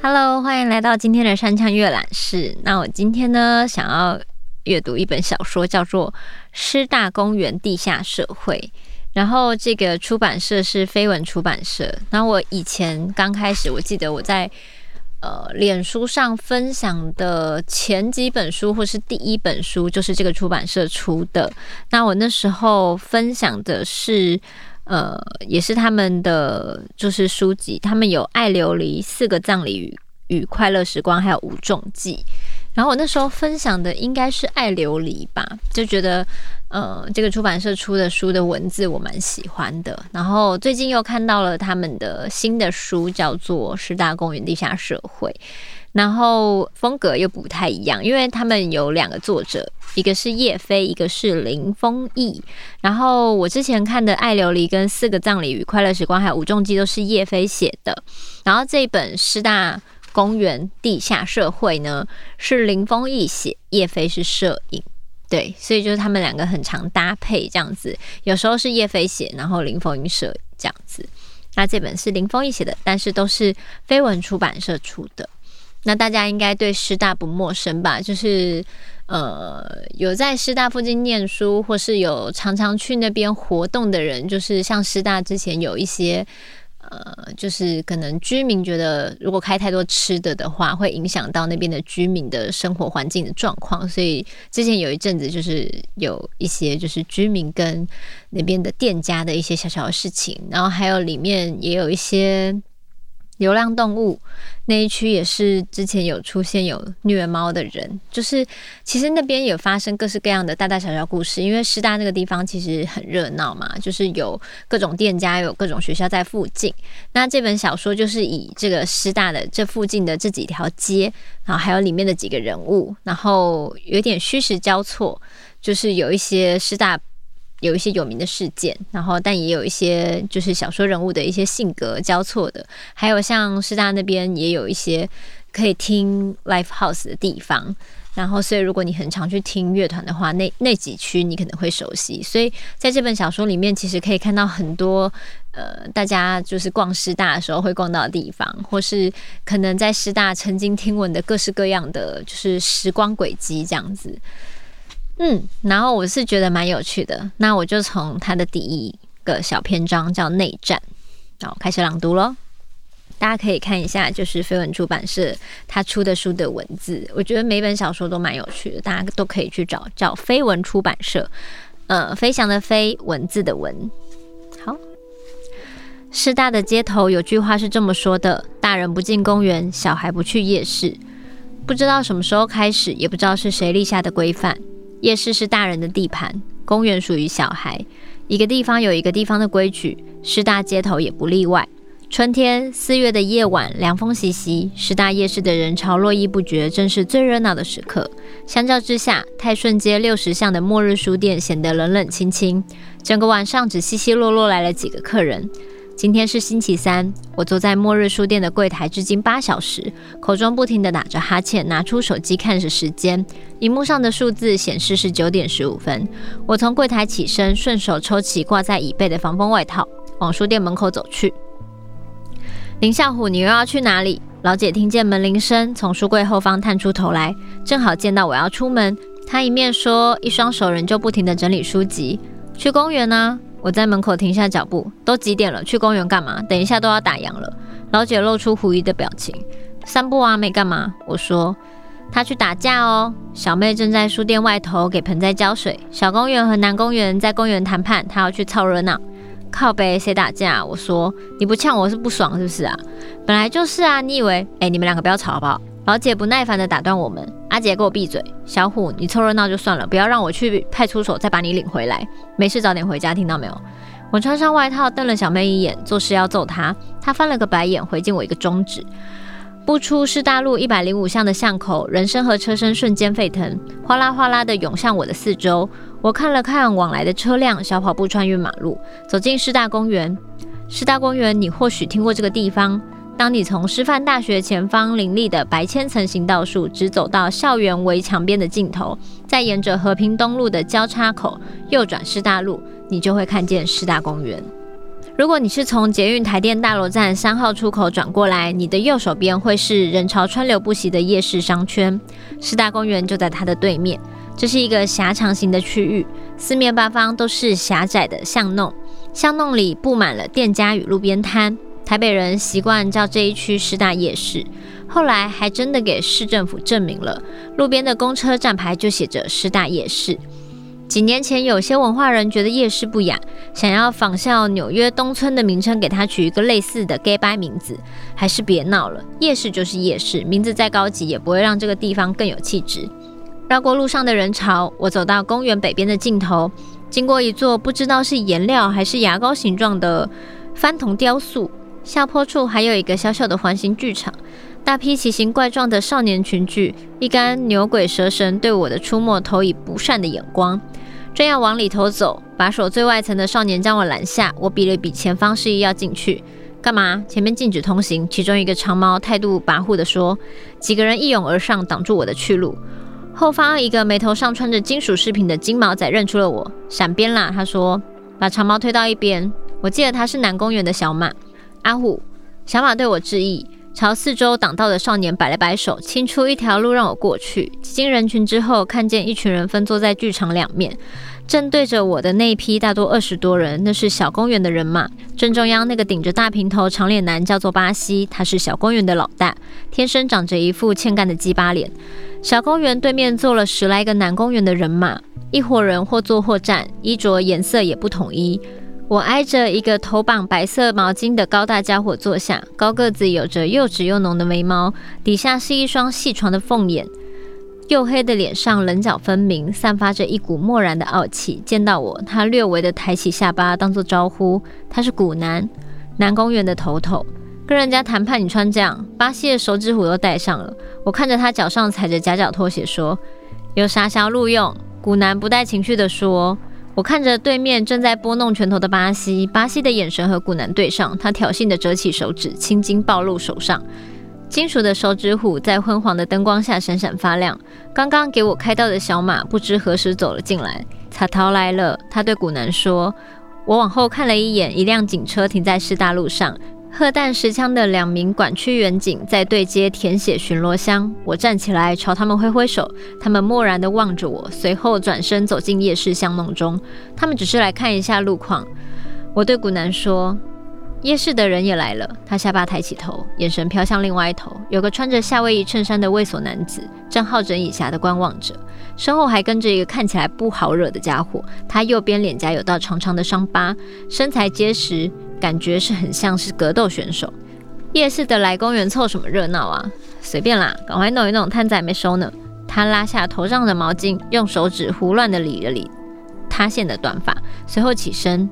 Hello，歡迎來到今天的山羌閱覽室。那我今天呢，想要閱讀一本小說，叫做《師大公園地下社會》，然後這個出版社是飛文出版社。那我以前剛開始，我記得我在。呃，臉書上分享的前幾本書，或是第一本書，就是這個出版社出的。那我那時候分享的是，呃，也是他們的就是書籍，他們有《愛琉璃》《四個葬禮與與快樂時光》還有《無重記》。然後我那時候分享的應該是《愛琉璃》吧，就覺得。呃，這個出版社出的書的文字我蠻喜歡的，然後最近又看到了他們的新的書，叫做《師大公園地下社會》，然後風格又不太一樣，因為他們有兩個作者，一個是葉飛，一個是林峰毅。然後我之前看的《愛琉璃》跟《四個葬禮與快樂時光》還有《五重基》都是葉飛寫的，然後這本《師大公園地下社會》呢是林峰毅寫，葉飛是攝影。對，所以就是他們兩個很常搭配這樣子，有時候是葉飛寫，然後林峰毅寫，這樣子。那這本是林峰毅寫的，但是都是飛文出版社出的。那大家應該對師大不陌生吧？就是呃，有在師大附近念書，或是有常常去那邊活動的人，就是像師大之前有一些。呃，就是可能居民覺得，如果開太多吃的的話，會影響到那邊的居民的生活環境的狀況，所以之前有一陣子，就是有一些就是居民跟那邊的店家的一些小小的事情，然後還有裡面也有一些。流浪動物那一區也是之前有出現有虐貓的人，就是其實那邊有發生各式各樣的大大小小故事，因為師大那個地方其實很熱鬧嘛，就是有各種店家，有各種學校在附近。那這本小說就是以這個師大的這附近的這幾條街，然後還有裡面的幾個人物，然後有點虛實交錯，就是有一些師大。有一些有名的事件，然後但也有一些就是小說人物的一些性格交錯的，還有像師大那邊也有一些可以聽 live house 的地方，然後所以如果你很常去聽樂團的話，那那幾區你可能會熟悉。所以在這本小說裡面，其實可以看到很多呃，大家就是逛師大的時候會逛到的地方，或是可能在師大曾經聽聞的各式各樣的就是時光軌跡這樣子。嗯，然後我是覺得蠻有趣的，那我就從他的第一個小篇章叫《內戰》，然後開始朗讀嘍。大家可以看一下，就是飛文出版社他出的書的文字，我覺得每本小說都蠻有趣的，大家都可以去找叫飛文出版社，呃，飛翔的飛，文字的文。好，師大的街頭有句話是這麼說的：大人不進公園，小孩不去夜市。不知道什麼時候開始，也不知道是誰立下的規範。夜市是大人的地盤，公園屬於小孩。一個地方有一個地方的規矩，師大街頭也不例外。春天四月的夜晚，涼風習習，師大夜市的人潮絡繹不絕，正是最熱鬧的時刻。相較之下，泰順街六十巷的末日書店顯得冷冷清清，整個晚上只稀稀落落來了幾個客人。今天是星期三，我坐在末日書店的櫃台至今八小時，口中不停地打着哈欠，拿出手機看着時間，熒幕上的數字顯示是九點十五分。我從櫃台起身，順手抽起掛在椅背的防風外套，往書店門口走去。林小虎，你又要去哪裡？老姐聽見門鈴聲，從書櫃後方探出頭來，正好見到我要出門，她一面說，一雙手仍舊不停地整理書籍。去公園啊。我在門口停下腳步，都幾點了？去公園幹嘛？等一下都要打烊了。老姐露出狐疑的表情，散步啊？沒幹嘛。我說，他去打架哦。小妹正在書店外頭給盆栽澆水。小公園和南公園在公園談判，他要去湊熱鬧。靠北，誰打架？我說，你不嗆我是不爽是不是啊？本來就是啊，你以為？哎、欸，你們兩個不要吵好不好？老姐不耐煩地打斷我們：“阿姐，給我閉嘴！小虎，你湊熱鬧就算了，不要讓我去派出所再把你領回來。沒事，早點回家，聽到沒有？”我穿上外套，瞪了小妹一眼，作勢要揍她。她翻了個白眼，回敬我一個中指。不出師大路一百零五巷的巷口，人聲和車聲瞬間沸騰，嘩啦嘩啦地湧向我的四周。我看了看往來的車輛，小跑步穿越馬路，走進師大公園。師大公園，你或許聽過這個地方。當你從師範大學前方林立的白千層行道樹，直走到校園圍牆邊的盡頭，再沿着和平東路的交叉口右轉師大路，你就會看見師大公園。如果你是從捷運台電大樓站三號出口轉過來，你的右手邊會是人潮川流不息的夜市商圈，師大公園就在它的對面。這是一個狹長型的區域，四面八方都是狹窄的巷弄，巷弄裡布滿了店家與路邊攤。台北人習慣叫這一區師大夜市，後來還真的給市政府證明了，路邊的公車站牌就寫着師大夜市。幾年前，有些文化人覺得夜市不雅，想要仿效紐約東村的名稱，給它取一個類似的假掰名字，還是別鬧了，夜市就是夜市，名字再高級也不會讓這個地方更有氣質。繞過路上的人潮，我走到公園北邊的盡頭，經過一座不知道是顏料還是牙膏形狀的翻銅雕塑。下坡處還有一個小小的環形劇場，大批奇形怪狀的少年群聚，一干牛鬼蛇神對我的出沒投以不善的眼光。正要往裡頭走，把守最外層的少年將我攔下。我比了比前方，示意要進去。幹嘛？前面禁止通行。其中一個長毛態度跋扈地說。幾個人一擁而上，擋住我的去路。後方一個眉頭上穿着金屬飾品的金毛仔認出了我，閃邊啦，他說，把長毛推到一邊。我記得他是南公園的小馬。阿虎，小馬對我致意，朝四周擋道的少年擺了擺手，清出一條路讓我過去。擠進人群之後，看見一群人分坐在劇場兩面，正對着我的那一批大多二十多人，那是小公園的人馬。正中央那個頂着大平頭、長臉男叫做巴西，他是小公園的老大，天生長着一副欠幹的雞巴臉。小公園對面坐了十來個男公園的人馬，一夥人或坐或站，衣着顏色也不統一。我挨着一個頭綁白色毛巾的高大家伙坐下，高個子有着又直又濃的眉毛，底下是一雙細長的鳳眼，黝黑的臉上棱角分明，散發着一股漠然的傲氣。見到我，他略微的抬起下巴當做招呼。他是古男，南公園的頭頭，跟人家談判你穿這樣，巴西的手指虎都戴上了。我看着他腳上踩着夾腳拖鞋說：“有啥想錄用？”古男不帶情緒的說。我看着對面正在撥弄拳頭的巴西，巴西的眼神和古南對上，他挑釁地折起手指，青筋暴露，手上金屬的手指虎在昏黃的燈光下閃閃發亮。剛剛給我開道的小馬不知何時走了進來，他逃來了，他對古南說：“我往後看了一眼，一輛警車停在師大路上。”荷彈實槍的兩名管區員警在對街填寫巡邏箱。我站起來朝他們揮揮手，他們漠然地望着我，隨後轉身走進夜市巷弄中。他們只是來看一下路況。我對古南說：“夜市的人也來了。”他下巴抬起頭，眼神飄向另外一頭，有個穿着夏威夷襯衫衫的猥瑣男子，正好整以暇地觀望着，身後還跟着一個看起來不好惹的傢伙。他右邊臉頰有道長長的傷疤，身材結實。感覺是很像是格鬥選手。夜市的來公園湊什麼熱鬧啊？隨便啦，趕快弄一弄，攤子還沒收呢。他拉下頭上的毛巾，用手指胡亂的理了理塌陷的短髮，隨後起身。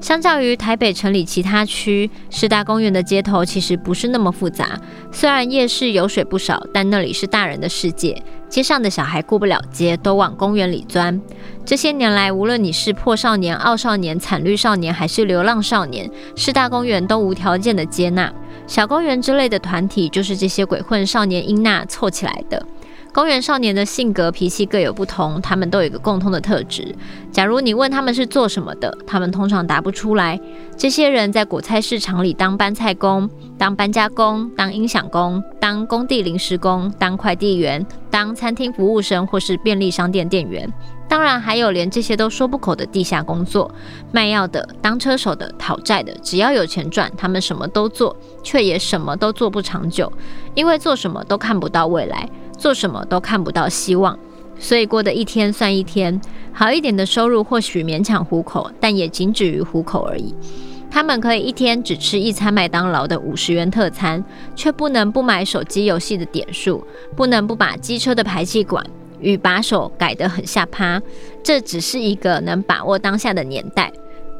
相較於台北城裡其他區，師大公園的街頭其實不是那麼複雜。雖然夜市游水不少，但那裡是大人的世界，街上的小孩顧不了街，都往公園裡鑽。這些年來，無論你是破少年、傲少年、慘綠少年，還是流浪少年，師大公園都無條件的接納。小公園之類的團體，就是這些鬼混少年英娜湊起來的。公園少年的性格脾氣各有不同，他們都有一個共通的特質：假如你問他們是做什麼的，他們通常答不出來。這些人在果菜市場裡當搬菜工、當搬家工、當音響工、當工地臨時工、當快遞員、當餐廳服務生或是便利商店店員，當然還有連這些都說不口的地下工作：賣藥的、當車手的、討債的。只要有錢賺，他們什麼都做，却也什麼都做不長久，因為做什麼都看不到未來。做什麼都看不到希望，所以過得一天算一天。好一點的收入或許勉強糊口，但也僅止於糊口而已。他們可以一天只吃一餐麥當勞的五十元特餐，卻不能不買手機遊戲的點數，不能不把機車的排氣管與把手改得很下趴。這只是一個能把握當下的年代，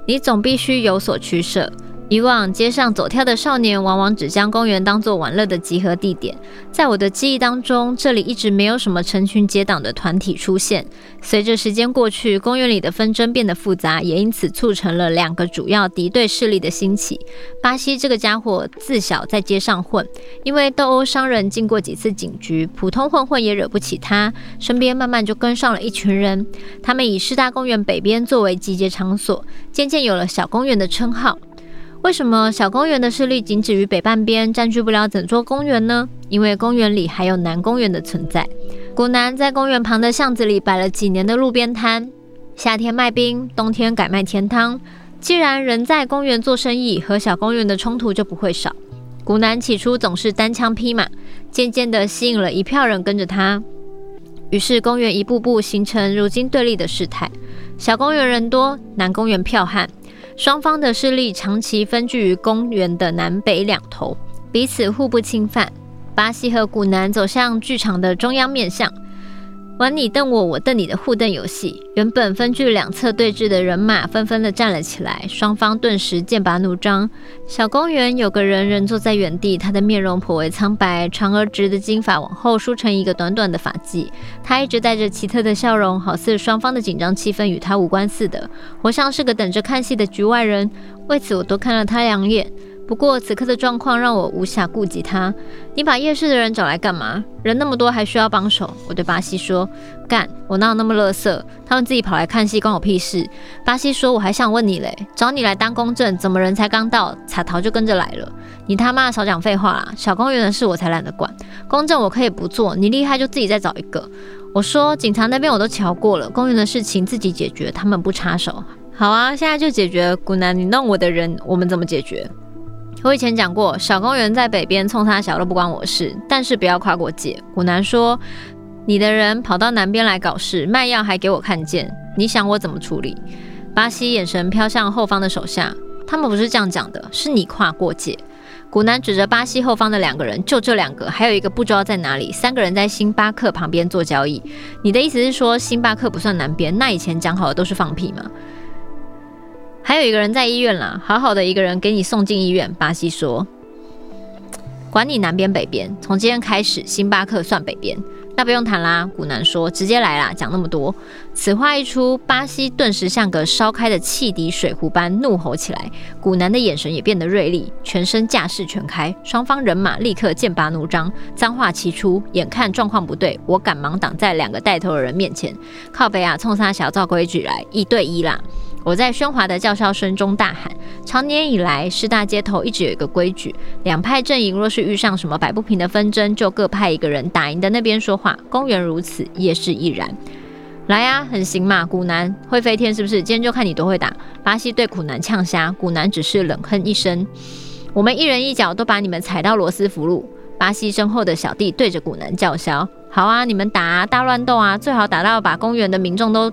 你總必須有所取舍。以往，街上走跳的少年往往只將公園當作玩樂的集合地點。在我的記憶當中，這裡一直沒有什麼成群結黨的團體出現。隨着時間過去，公園裡的紛爭變得複雜，也因此促成了兩個主要敵對勢力的興起。巴西這個家伙自小在街上混，因為鬥毆傷人進過幾次警局，普通混混也惹不起他。身邊慢慢就跟上了一群人，他們以師大公園北邊作為集結場所，漸漸有了“小公園”的稱號。為什麼小公園的勢力僅止於北半邊，占據不了整座公園呢？因為公園裡還有南公園的存在。古南在公園旁的巷子裡擺了幾年的路邊攤，夏天賣冰，冬天改賣甜湯。既然人在公園做生意，和小公園的衝突就不會少。古南起初總是單槍匹馬，漸漸地吸引了一票人跟着他，於是公園一步步形成如今對立的事態：小公園人多，南公園剽悍。雙方的勢力長期分居於公園的南北兩頭，彼此互不侵犯。巴西和古南走向劇場的中央面向。玩你瞪我，我瞪你的互瞪遊戲。原本分居兩側對峙的人馬紛紛的站了起來，雙方頓時劍拔弩張。小公園有個人仍坐在原地，他的面容頗為蒼白，長而直的金髮往後梳成一個短短的髮髻。他一直帶着奇特的笑容，好似雙方的緊張氣氛與他無關似的，活像是個等着看戲的局外人。為此，我多看了他兩眼。不過此刻的狀況讓我無暇顧及他。你把夜市的人找來幹嘛？人那麼多，還需要幫手？我對巴西說：“幹，我哪有那麼樂色？他們自己跑來看戲，關我屁事。”巴西說：“我還想問你嘞，找你來當公證，怎麼人才剛到，彩桃就跟着來了？你他媽少講廢話啦、啊！小公園的事我才懶得管。公證我可以不做，你厲害就自己再找一個。”我說：“警察那邊我都瞧過了，公園的事情自己解決，他們不插手。”好啊，現在就解決。古南，你弄我的人，我們怎麼解決？我以前講過，小公園在北邊，衝他小都不關我事，但是不要跨過界。古南說：“你的人跑到南邊來搞事，賣藥還給我看見，你想我怎麼處理？”巴西眼神飄向後方的手下，他們不是這樣講的，是你跨過界。古南指着巴西後方的兩個人，就這兩個，還有一個不知道在哪裡，三個人在星巴克旁邊做交易。你的意思是說星巴克不算南邊？那以前講好的都是放屁嗎？還有一個人在醫院啦，好好的一個人給你送進醫院。巴西說：“管你南邊北邊，從今天開始，星巴克算北邊。”那不用談啦，古南說：“直接來啦，講那麼多。”此話一出，巴西頓時像個燒開的汽笛水壺般怒吼起來，古南的眼神也變得銳利，全身架勢全開，雙方人馬立刻劍拔弩張，髒話齊出。眼看狀況不對，我趕忙擋在兩個帶頭的人面前，靠北啊，衝三小，照規矩來一對一啦。我在喧譁的叫囂聲中大喊：“長年以來，師大街頭一直有一個規矩，兩派陣營若是遇上什麼擺不平的紛爭，就各派一個人，打贏的那邊說話。公園如此，夜市亦然。來呀、啊，很行嘛，古南會飛天是不是？今天就看你多會打。巴西對苦南嗆蝦，古南只是冷哼一聲。我們一人一腳都把你們踩到羅斯福路。巴西身後的小弟對着古南叫囂：好啊，你們打啊！大亂鬥啊，最好打到把公園的民眾都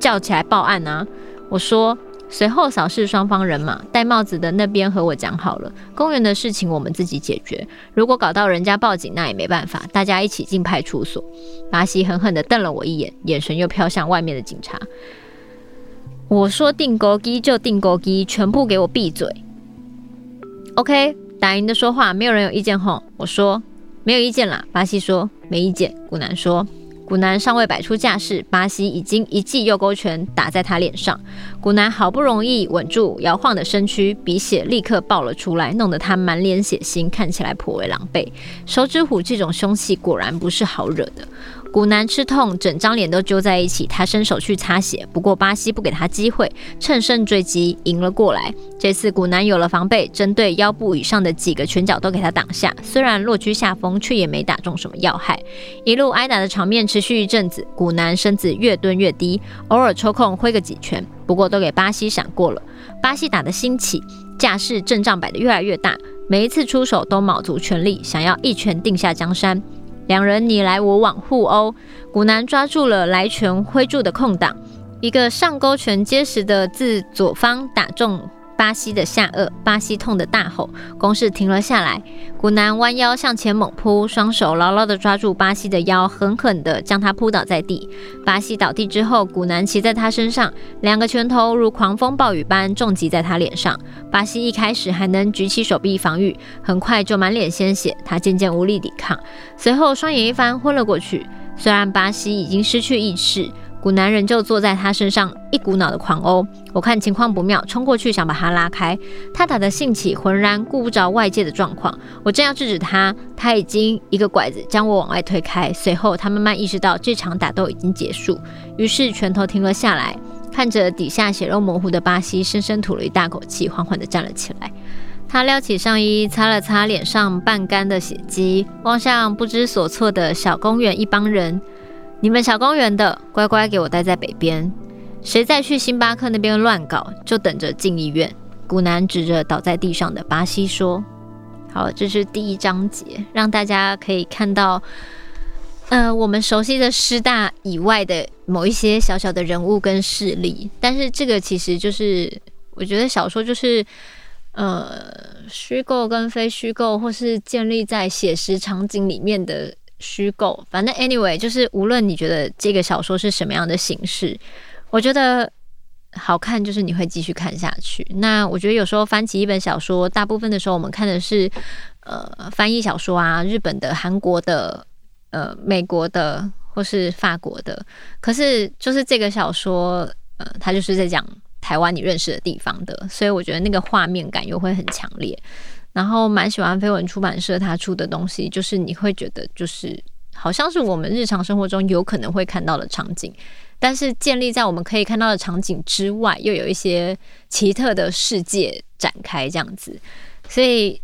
叫起來報案啊。”我說，隨後掃視雙方人馬，戴帽子的那邊和我講好了，公園的事情我們自己解決。如果搞到人家報警，那也沒辦法，大家一起進派出所。巴西狠狠地瞪了我一眼，眼神又飄向外面的警察。我說定規矩就定規矩，全部給我閉嘴。OK，打贏的說話，沒有人有意見吼。我說沒有意見啦。巴西說沒意見。古南說。古南尚未擺出架勢，巴西已經一記右勾拳打在他臉上。古南好不容易穩住搖晃的身軀，鼻血立刻爆了出來，弄得他滿臉血腥，看起來頗為狼狽。手指虎這種兇器果然不是好惹的。古南吃痛，整張臉都揪在一起。他伸手去擦血，不過巴西不給他機會，趁勝追擊，迎了過來。這次古南有了防備，針對腰部以上的幾個拳腳都給他擋下。雖然落居下風，卻也沒打中什麼要害。一路挨打的場面持續一陣子，古南身子越蹲越低，偶爾抽空揮個幾拳，不過都給巴西閃過了。巴西打得興起，架勢陣仗擺得越來越大，每一次出手都卯足全力，想要一拳定下江山。兩人你來我往互毆、哦，古南抓住了來拳揮住的空檔，一個上勾拳結實的自左方打中巴西的下顎，巴西痛得大吼，攻勢停了下來。古南彎腰向前猛撲，雙手牢牢地抓住巴西的腰，狠狠地將他撲倒在地。巴西倒地之後，古南騎在他身上，兩個拳頭如狂風暴雨般重擊在他臉上。巴西一開始還能舉起手臂防禦，很快就滿臉鮮血，他漸漸無力抵抗，隨後雙眼一翻，昏了過去。雖然巴西已經失去意識。古南仍舊坐在他身上，一股腦的狂毆。我看情況不妙，衝過去想把他拉開。他打得興起，渾然顧不着外界的狀況。我正要制止他，他已經一個拐子將我往外推開。隨後他慢慢意識到這場打鬥已經結束，於是拳頭停了下來，看着底下血肉模糊的巴西，深深吐了一大口氣，緩緩地站了起來。他撩起上衣，擦了擦臉上半乾的血跡，望向不知所措的小公園一幫人。你們小公園的乖乖給我待在北邊，誰再去星巴克那邊亂搞，就等着進醫院。古南指着倒在地上的巴西說：“好，這是第一章節，讓大家可以看到，呃，我們熟悉的師大以外的某一些小小的人物跟勢力。但是這個其實就是，我覺得小說就是，呃，虛構跟非虛構，或是建立在寫實場景裡面的。”虛構，反正 anyway 就是，無論你覺得這個小說是什麼樣的形式，我覺得好看就是你會繼續看下去。那我覺得有時候翻起一本小說，大部分的時候我們看的是呃翻譯小說啊，日本的、韓國的、呃美國的或是法國的。可是就是這個小說，呃，它就是在講台灣你認識的地方的，所以我覺得那個畫面感又會很強烈。然後蠻喜歡飛文出版社他出的東西，就是你會覺得就是好像是我們日常生活中有可能會看到的場景，但是建立在我們可以看到的場景之外，又有一些奇特的世界展開這樣子，所以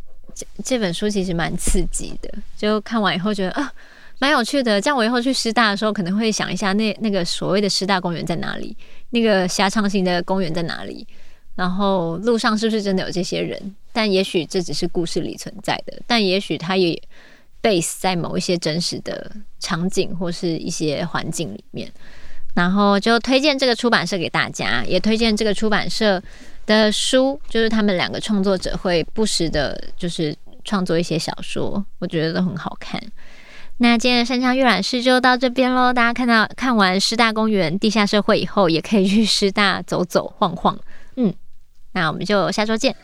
這本書其實蠻刺激的。就看完以後覺得啊，蠻有趣的。這樣我以後去師大的時候，可能會想一下那那個所謂的師大公園在哪裡，那個狹長型的公園在哪裡，然後路上是不是真的有這些人。但也許這只是故事裡存在的，但也許它也 base 在某一些真實的場景或是一些環境裡面。然後就推薦這個出版社給大家，也推薦這個出版社的書，就是他們兩個創作者會不時的，就是創作一些小說，我覺得都很好看。那今天的山羌閱覽室就到這邊嘍。大家看到看完師大公園地下社會以後，也可以去師大走走晃晃。那我們就下周見。